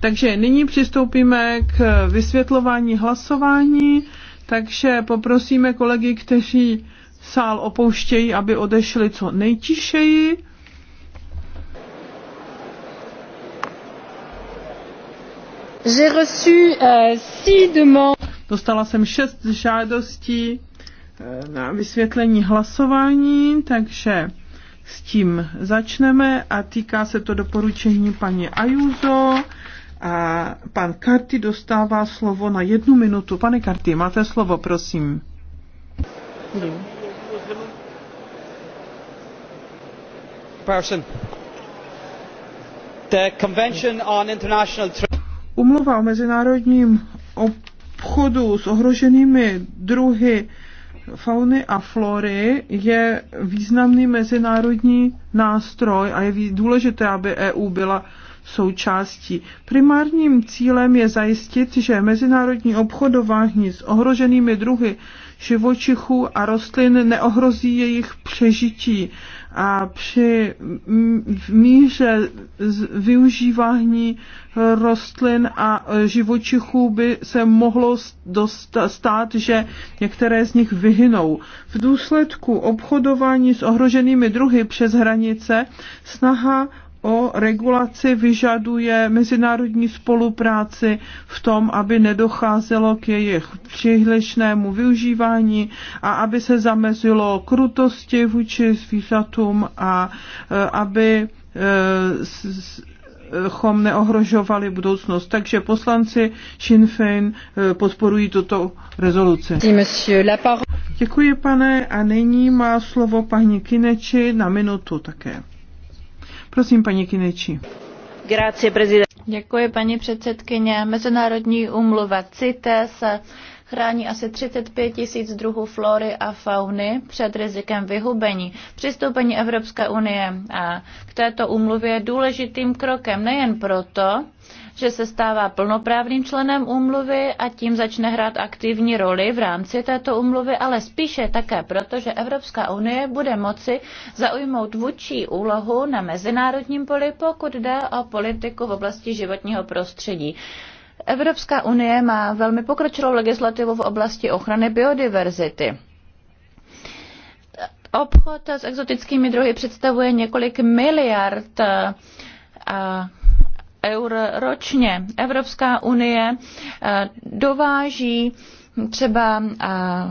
Takže nyní přistoupíme k vysvětlování hlasování, takže poprosíme kolegy, kteří sál opouštějí, aby odešli co nejtišeji. Euh, Dostala jsem šest žádostí eh, na vysvětlení hlasování, takže s tím začneme a týká se to doporučení paní Ajuzo a pan Karty dostává slovo na jednu minutu. Pane Karty, máte slovo, prosím. Umluva o mezinárodním obchodu s ohroženými druhy fauny a flory je významný mezinárodní nástroj a je důležité, aby EU byla součástí. Primárním cílem je zajistit, že mezinárodní obchodování s ohroženými druhy živočichů a rostlin neohrozí jejich přežití a při míře využívání rostlin a e, živočichů by se mohlo stát, že některé z nich vyhynou. V důsledku obchodování s ohroženými druhy přes hranice snaha o regulaci vyžaduje mezinárodní spolupráci v tom, aby nedocházelo k jejich přílišnému využívání a aby se zamezilo krutosti vůči zvířatům a eh, aby eh, chom neohrožovali budoucnost. Takže poslanci Sinn Féin eh, podporují tuto rezoluci. Děkuji, pane, a nyní má slovo paní Kineči na minutu také. Prosím, paní Kineči. Děkuji, paní předsedkyně. Mezinárodní umluva CITES chrání asi 35 tisíc druhů flory a fauny před rizikem vyhubení. Přistoupení Evropské unie k této umluvě je důležitým krokem nejen proto, že se stává plnoprávným členem úmluvy a tím začne hrát aktivní roli v rámci této úmluvy, ale spíše také proto, že Evropská unie bude moci zaujmout vůči úlohu na mezinárodním poli, pokud jde o politiku v oblasti životního prostředí. Evropská unie má velmi pokročilou legislativu v oblasti ochrany biodiverzity. Obchod s exotickými druhy představuje několik miliard eh, a eur ročně. Evropská unie eh, dováží třeba a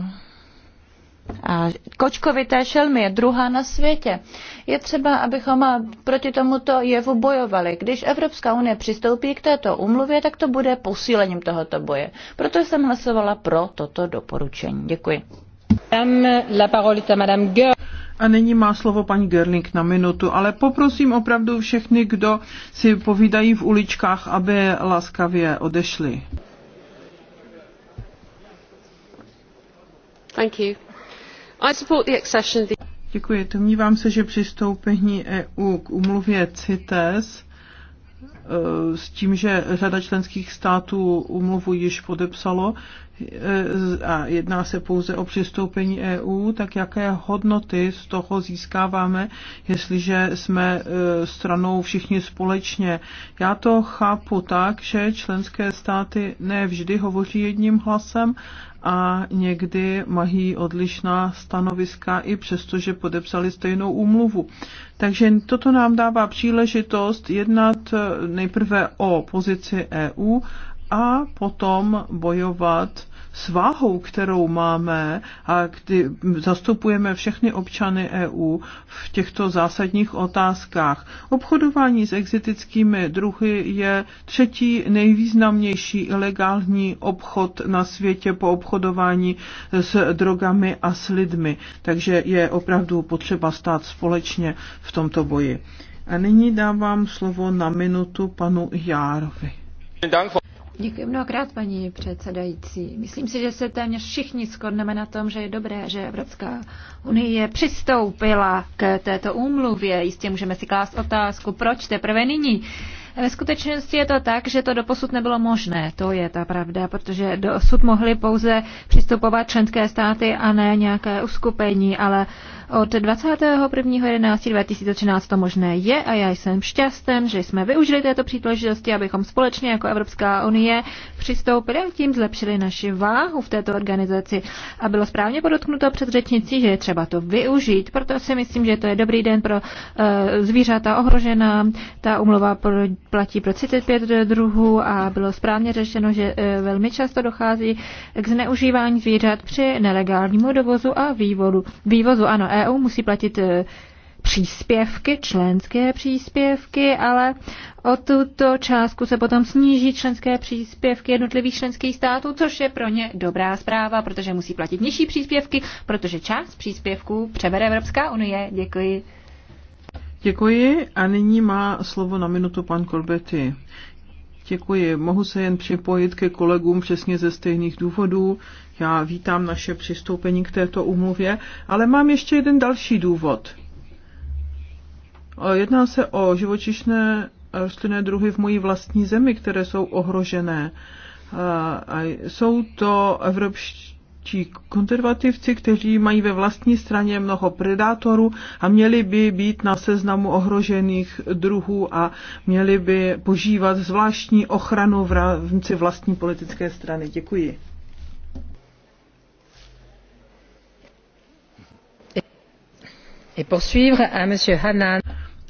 eh, eh, kočkovité šelmy je druhá na světě. Je třeba, abychom proti tomuto jevu bojovali. Když Evropská unie přistoupí k této umluvě, tak to bude posílením tohoto boje. Proto jsem hlasovala pro toto doporučení. Děkuji. A nyní má slovo paní Gerling na minutu, ale poprosím opravdu všechny, kdo si povídají v uličkách, aby laskavě odešli. Thank you. I support the accession of the... Děkuji. Domnívám se, že přistoupení EU k umluvě CITES Eh, s tím, že řada členských států umluvu již podepsalo eh, a jedná se pouze o přistoupení EU, tak jaké hodnoty z toho získáváme, jestliže jsme eh, stranou všichni společně. Já to chápu tak, že členské státy ne vždy hovoří jedním hlasem a někdy mají odlišná stanoviska i přesto, že podepsali stejnou úmluvu. Takže toto nám dává příležitost jednat eh, nejprve o pozici EU a potom bojovat s váhou, kterou máme a kdy zastupujeme všechny občany EU v těchto zásadních otázkách. Obchodování s exotickými druhy je třetí nejvýznamnější ilegální obchod na světě po obchodování s drogami a s lidmi. Takže je opravdu potřeba stát společně v tomto boji. A nyní dávám slovo na minutu panu Járovi. Děkuji mnohokrát, paní předsedající. Myslím si, že se téměř všichni shodneme na tom, že je dobré, že Evropská unie přistoupila k této úmluvě. Jistě můžeme si klást otázku, proč teprve nyní. Ve skutečnosti je to tak, že to doposud nebylo možné, to je ta pravda, protože dosud mohly pouze přistupovat členské státy a ne nějaké uskupení, ale od 21.11.2013 to možné je a já jsem šťastný, že jsme využili této příležitosti, abychom společně jako Evropská unie přistoupili a tím zlepšili naši váhu v této organizaci. A bylo správně podotknuto před řečnicí, že je třeba to využít, proto si myslím, že to je dobrý den pro uh, zvířata ohrožená, ta umluva pro platí pro 35 druhů a bylo správně řešeno, že e, velmi často dochází k zneužívání zvířat při nelegálnímu dovozu a vývodu. vývozu. Ano, EU musí platit e, příspěvky, členské příspěvky, ale o tuto částku se potom sníží členské příspěvky jednotlivých členských států, což je pro ně dobrá zpráva, protože musí platit nižší příspěvky, protože část příspěvků přebere Evropská unie. Děkuji. Děkuji a nyní má slovo na minutu pan Korbety. Děkuji. Mohu se jen připojit ke kolegům přesně ze stejných důvodů. Já vítám naše přistoupení k této úmluvě, ale mám ještě jeden další důvod. Jedná se o živočišné rostlinné druhy v mojí vlastní zemi, které jsou ohrožené. Jsou to evropští ti konzervativci, kteří mají ve vlastní straně mnoho predátorů a měli by být na seznamu ohrožených druhů a měli by požívat zvláštní ochranu v rámci vlastní politické strany. Děkuji.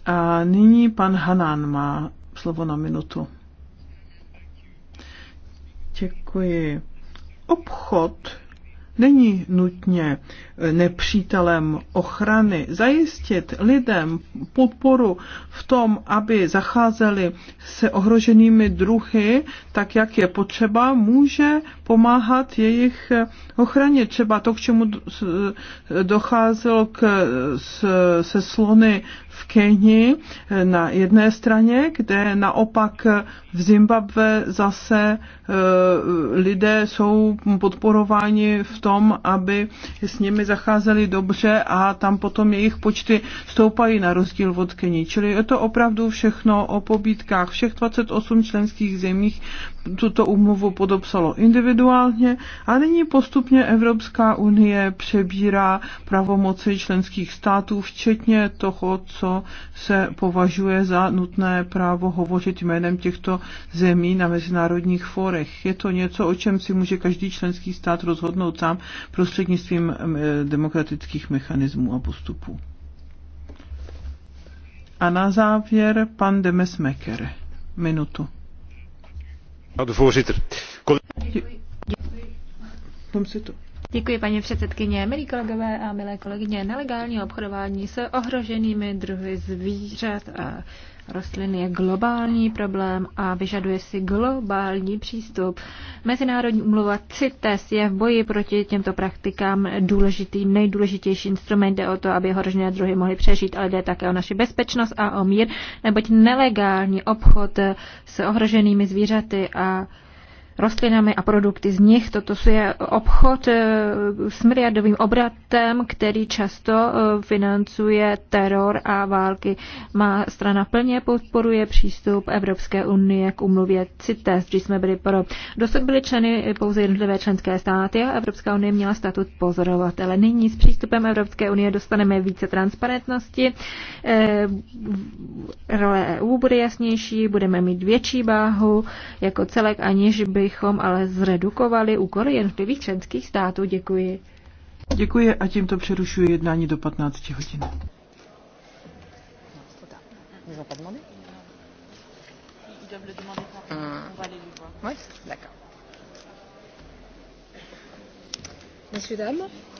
A nyní pan Hanan má slovo na minutu. Děkuji. Obchod není nutně eh, nepřítelem ochrany. Zajistit lidem podporu v tom, aby zacházeli se ohroženými druhy, tak jak je potřeba, může pomáhat jejich eh, ochraně. Třeba to, k čemu eh, docházelo k, se slony v Keni na jedné straně, kde naopak v Zimbabve zase lidé jsou podporováni v tom, aby s nimi zacházeli dobře a tam potom jejich počty stoupají na rozdíl od Keni. Čili je to opravdu všechno o pobítkách. Všech 28 členských zemích tuto úmluvu podopsalo individuálně a nyní postupně Evropská unie přebírá pravomoci členských států, včetně toho, co se považuje za nutné právo hovořit jménem těchto zemí na mezinárodních forech. Je to něco, o čem si může každý členský stát rozhodnout sám sám prostřednictvím demokratických mechanismů a postupů. A na závěr pan Demes Demesmeker. Minutu. Děkuji. Děkuji. Děkuji. Děkuji. Děkuji. Děkuji. Děkuji. Děkuji. Děkuji, paní předsedkyně. Milí kolegové a milé kolegyně, nelegální obchodování se ohroženými druhy zvířat a rostlin je globální problém a vyžaduje si globální přístup. Mezinárodní umluva CITES je v boji proti těmto praktikám důležitý, nejdůležitější instrument. Jde o to, aby ohrožené druhy mohly přežít, ale jde také o naši bezpečnost a o mír, neboť nelegální obchod s ohroženými zvířaty a rostlinami a produkty z nich. Toto je obchod eh, s miliardovým obratem, který často eh, financuje teror a války. Má strana plně podporuje přístup Evropské unie k umluvě CITES, když jsme byli pro. Dosud byly členy pouze jednotlivé členské státy a Evropská unie měla statut pozorovatele. Nyní s přístupem Evropské unie dostaneme více transparentnosti, eh, role EU bude jasnější, budeme mít větší váhu jako celek, aniž by abychom ale zredukovali úkoly jednotlivých členských států. Děkuji. Děkuji a tímto přerušuji jednání do 15 hodin. Messieurs, hmm. dames,